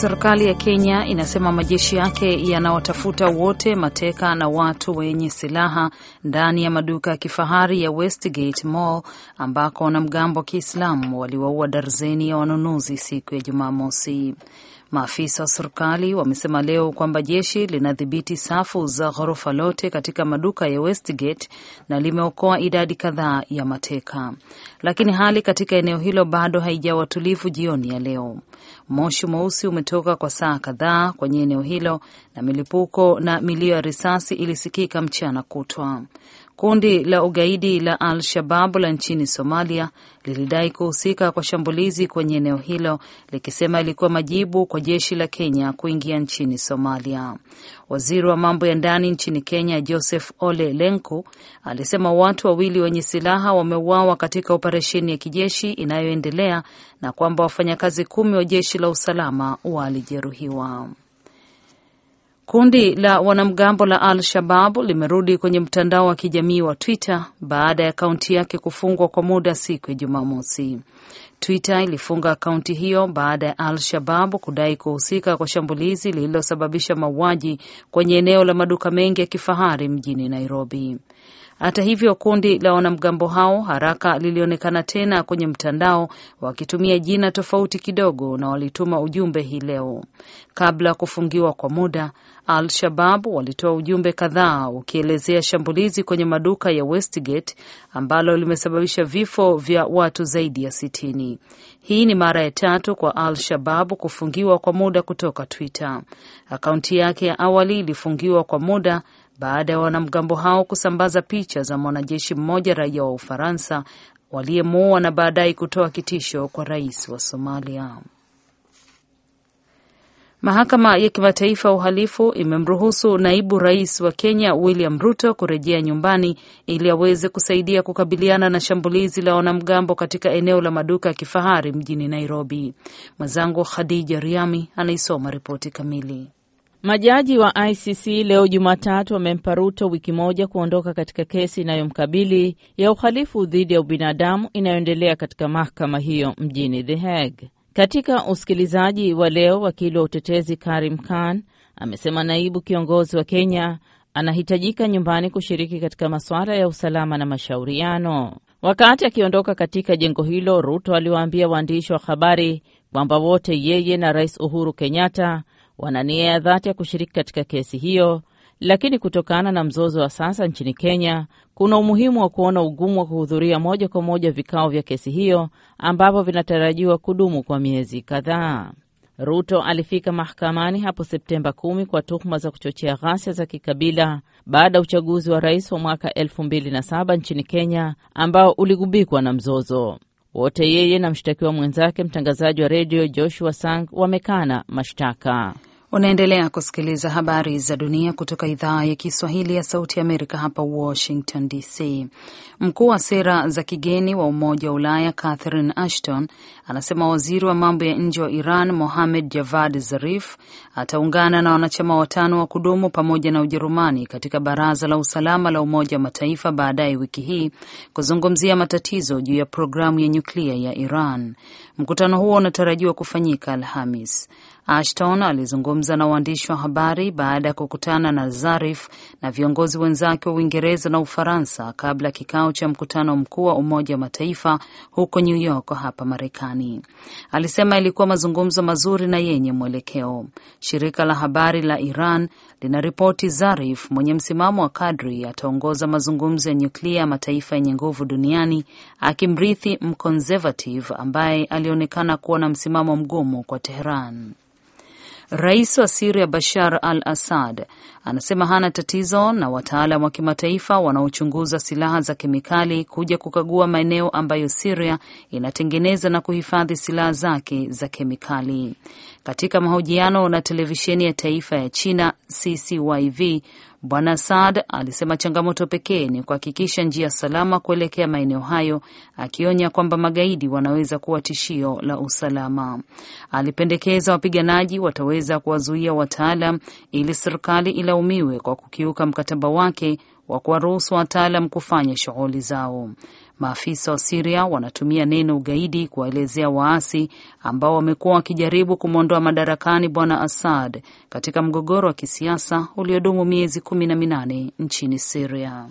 Serikali ya Kenya inasema majeshi yake yanawatafuta wote mateka na watu wenye silaha ndani ya maduka ya kifahari ya Westgate Mall ambako wanamgambo wa Kiislamu waliwaua darzeni ya wanunuzi siku ya Jumamosi. Maafisa wa serikali wamesema leo kwamba jeshi linadhibiti safu za ghorofa lote katika maduka ya Westgate na limeokoa idadi kadhaa ya mateka, lakini hali katika eneo hilo bado haijawa tulivu. Jioni ya leo moshi mweusi umetoka kwa saa kadhaa kwenye eneo hilo na milipuko na milio ya risasi ilisikika mchana kutwa. Kundi la ugaidi la al Shababu la nchini Somalia lilidai kuhusika kwa shambulizi kwenye eneo hilo likisema ilikuwa majibu kwa jeshi la Kenya kuingia nchini Somalia. Waziri wa mambo ya ndani nchini Kenya Joseph Ole Lenku alisema watu wawili wenye silaha wameuawa katika operesheni ya kijeshi inayoendelea na kwamba wafanyakazi kumi wa jeshi la usalama walijeruhiwa. Kundi la wanamgambo la Al-Shabab limerudi kwenye mtandao wa kijamii wa Twitter baada ya akaunti yake kufungwa kwa muda siku ya Jumamosi. Twitter ilifunga akaunti hiyo baada ya Al-Shabab kudai kuhusika kwa shambulizi lililosababisha mauaji kwenye eneo la maduka mengi ya kifahari mjini Nairobi. Hata hivyo, kundi la wanamgambo hao haraka lilionekana tena kwenye mtandao wakitumia jina tofauti kidogo, na walituma ujumbe hii leo kabla ya kufungiwa kwa muda. Al-Shabab walitoa ujumbe kadhaa ukielezea shambulizi kwenye maduka ya Westgate ambalo limesababisha vifo vya watu zaidi ya sitini. Hii ni mara ya tatu kwa Al-Shabab kufungiwa kwa muda kutoka Twitter. Akaunti yake ya awali ilifungiwa kwa muda baada ya wanamgambo hao kusambaza picha za mwanajeshi mmoja raia wa Ufaransa waliyemuua na baadaye kutoa kitisho kwa rais wa Somalia. Mahakama ya Kimataifa ya Uhalifu imemruhusu naibu rais wa Kenya William Ruto kurejea nyumbani ili aweze kusaidia kukabiliana na shambulizi la wanamgambo katika eneo la maduka ya kifahari mjini Nairobi. Mwenzangu Khadija Riami anaisoma ripoti kamili. Majaji wa ICC leo Jumatatu wamempa Ruto wiki moja kuondoka katika kesi inayomkabili ya uhalifu dhidi ya ubinadamu inayoendelea katika mahakama hiyo mjini The Hague. Katika usikilizaji wa leo, wakili wa utetezi Karim Khan amesema naibu kiongozi wa Kenya anahitajika nyumbani kushiriki katika masuala ya usalama na mashauriano. Wakati akiondoka katika jengo hilo, Ruto aliwaambia waandishi wa habari kwamba wote yeye na Rais Uhuru Kenyatta wana nia ya dhati ya kushiriki katika kesi hiyo, lakini kutokana na mzozo wa sasa nchini Kenya, kuna umuhimu wa kuona ugumu wa kuhudhuria moja kwa moja vikao vya kesi hiyo ambavyo vinatarajiwa kudumu kwa miezi kadhaa. Ruto alifika mahakamani hapo Septemba 10 kwa tuhuma za kuchochea ghasia za kikabila baada ya uchaguzi wa rais wa mwaka 2007 nchini Kenya ambao uligubikwa na mzozo. Wote yeye na mshtakiwa mwenzake mtangazaji wa redio Joshua Sang wamekana mashtaka. Unaendelea kusikiliza habari za dunia kutoka idhaa ya Kiswahili ya Sauti ya Amerika hapa Washington DC. Mkuu wa sera za kigeni wa Umoja wa Ulaya Catherine Ashton anasema waziri wa mambo ya nje wa Iran Mohamed Javad Zarif ataungana na wanachama watano wa kudumu pamoja na Ujerumani katika Baraza la Usalama la Umoja wa Mataifa baadaye wiki hii kuzungumzia matatizo juu ya programu ya nyuklia ya Iran. Mkutano huo unatarajiwa kufanyika Alhamis. Ashton alizungumza na waandishi wa habari baada ya kukutana na Zarif na viongozi wenzake wa Uingereza na Ufaransa kabla ya kikao cha mkutano mkuu wa Umoja wa Mataifa huko New York hapa Marekani. Alisema ilikuwa mazungumzo mazuri na yenye mwelekeo. Shirika la habari la Iran linaripoti Zarif mwenye msimamo wa kadri ataongoza mazungumzo ya nyuklia ya mataifa yenye nguvu duniani akimrithi mconservative ambaye alionekana kuwa na msimamo mgumu kwa Teheran. Rais wa Siria Bashar al Assad anasema hana tatizo na wataalam wa kimataifa wanaochunguza silaha za kemikali kuja kukagua maeneo ambayo Siria inatengeneza na kuhifadhi silaha zake za kemikali. Katika mahojiano na televisheni ya taifa ya China ccyv Bwana Saad alisema changamoto pekee ni kuhakikisha njia salama kuelekea maeneo hayo, akionya kwamba magaidi wanaweza kuwa tishio la usalama. Alipendekeza wapiganaji wataweza kuwazuia wataalam ili serikali ilaumiwe kwa kukiuka mkataba wake wa kuwaruhusu wataalam kufanya shughuli zao. Maafisa wa Siria wanatumia neno ugaidi kuwaelezea waasi ambao wamekuwa wakijaribu kumwondoa madarakani bwana Assad katika mgogoro wa kisiasa uliodumu miezi kumi na minane nchini Siria.